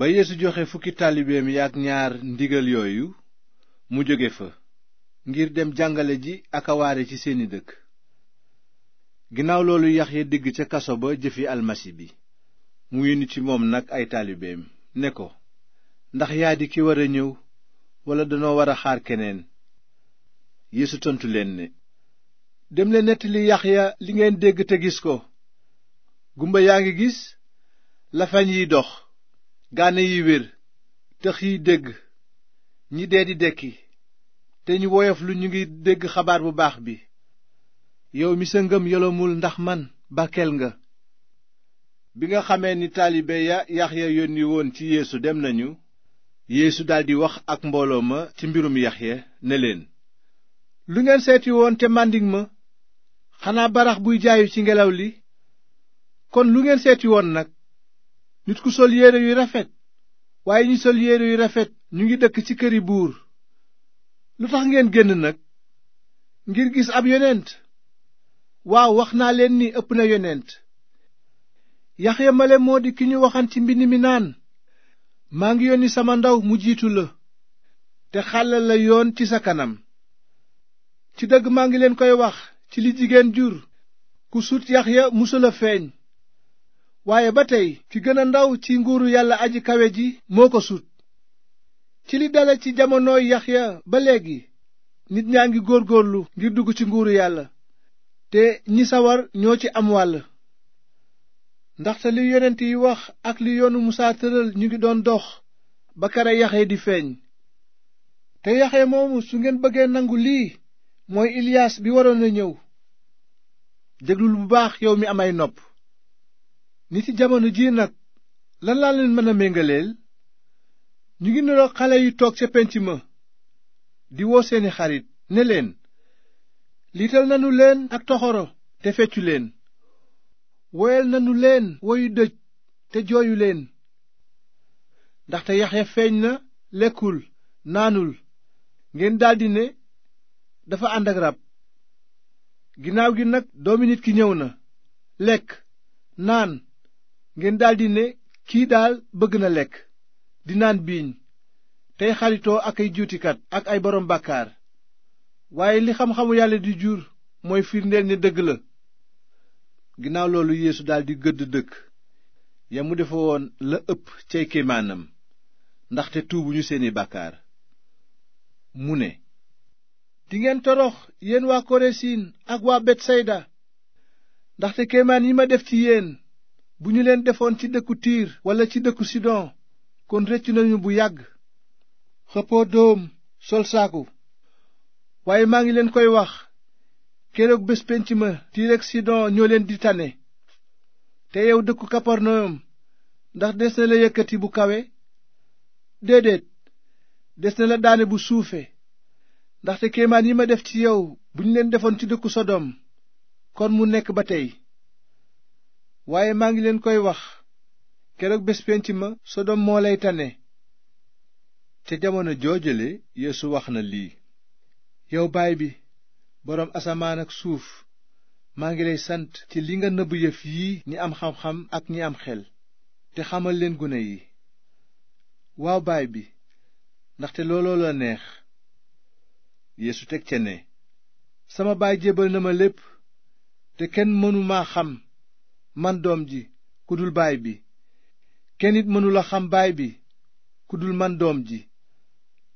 ba yeesu joxe fukki taalibeem yi ak ñaar ndigal yooyu mu jóge fa ngir dem jàngale ji ak a waare ci seeni dëkk ginnaaw loolu Yaxya digg ca kaso ba jëfi almasi bi mu yónni ci moom nag ay taalibeem ne ko ndax yaa di ki war a ñëw walla danoo war a xaar keneen Yeesu tontu leen ne dem leen nettali Yaxya li ngeen dégg te gis ko gumba yaa ngi gis lafañ yi dox gaane yi wér tëx yi dégg ñi dee di dekki te ñu woyof lu ñu ngi dégg xabaar bu baax bi yow mi sa ngëm yolomul ndax man bàkkeel nga bi nga xamee ni taalibe ya yaxya yónni woon ci yéesu dem nañu yéesu daldi wax ak mbooloo ma ci mbirum yaxya ne leen lu ngeen seeti woon te màndiŋ ma xanaa barax buy jaayu ci ngelaw li kon lu ngeen seeti woon nag nit ku sol yére yu rafet waaye ñi sol yére yu rafet ñu ngi dëkk ci kër yi buur lu tax ngeen génn nag ngir gis ab yonent waaw wax naa leen ni ëpp na yonent Yaxya male moo di ki ñu waxan ci mbind mi naan maa ngi yónni sama ndaw mu jiitu la te xàllal la yoon ci sa kanam ci dëgg maa ngi leen koy wax ci li jigéen jur ku sut Yaxya musula feeñ waaye ba tey ki gën a ndaw ci nguuru yàlla aji kawe ji moo ko sut ci li dale ci jamonoy ya ba léegi nit ñaa ngi góor góorlu ngir dugg ci nguuru yàlla te ñi sawar ñoo ci am wàll ndaxte li yonent yi wax ak li yoonu Musaa tëral ñu ngi doon dox ba kare Yaxya di feeñ te Yaxya moomu su ngeen bëggee nangu lii mooy Iliyaas bi waroon a ñëw déglul bu baax yow mi am ay nopp ni ci jamono ji nag lan laa leen mën a méngaleel ñu ngi niroo xale yu toog ca penc ma di woo seeni xarit ne leen liital nañu leen ak toxoro te feccu leen woyal nanu leen woyu dëj te jooyu leen ndaxte Yaxya feeñ na lekkul naanul ngeen daldi ne dafa ànd ak rab ginnaaw gi nag doomi nit ki ñëw na lekk naan ngeen daldi ne kii daal bëgg na lekk di naan biiñ tey xaritoo ak ay juutikat ak ay boroom bàkkaar waaye li xam-xamu yàlla di jur mooy firndeel ne dëgg la ginnaaw loolu yéesu daldi gëdd dëkk ya mu defe woon la ëpp cay kemaanam ndaxte tuubuñu seeni bàkkaar mu ne dingeen torox yéen waa koresin ak waa betsayda ndaxte kemaan yi ma def ci yéen bu ñu leen defoon ci dëkku tiir walla ci dëkku sidon kon rëcc nañu bu yàgg xëppoo doom sol saaku waaye maa ngi leen koy wax keroog bés penc ma tiir ak sidon ñoo leen di tane te yow dëkku kaparnayom ndax des na la yëkkati bu kawe déedéet des na la daane bu suufe ndaxte kéemaan yi ma def ci yow bu ñu leen defoon ci dëkku sodom kon mu nekk ba tey waaye maa ngi leen koy wax keroog bés pénc ma sodom moo lay tane ca jamono joojale yéesu wax na lii yow baay bi boroom asamaan ak suuf maa ngi lay sant ci li nga nëbb yëf yii ñi am xam-xam ak ñi am xel te xamal leen gune yi waaw baay bi ndaxte looloo la neex yeesu teg ca ne sama baay jébbal na ma lépp te kenn mënu maa xam man doom ji ku dul baay bi kenn it mënula xam baay bi ku dul man doom ji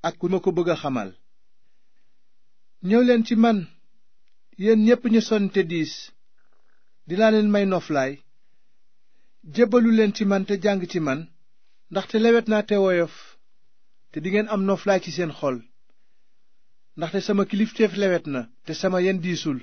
ak ku ma ko bëgg a xamal ñëw ci man yéen ñépp ñu sonn te diis dinaa leen may noflaay jébbalu leen ci man te jàng ci man ndaxte lewet naa te woyof te dingeen am noflaay ci seen xol ndaxte sama kilifteef lewet na te sama yen diisul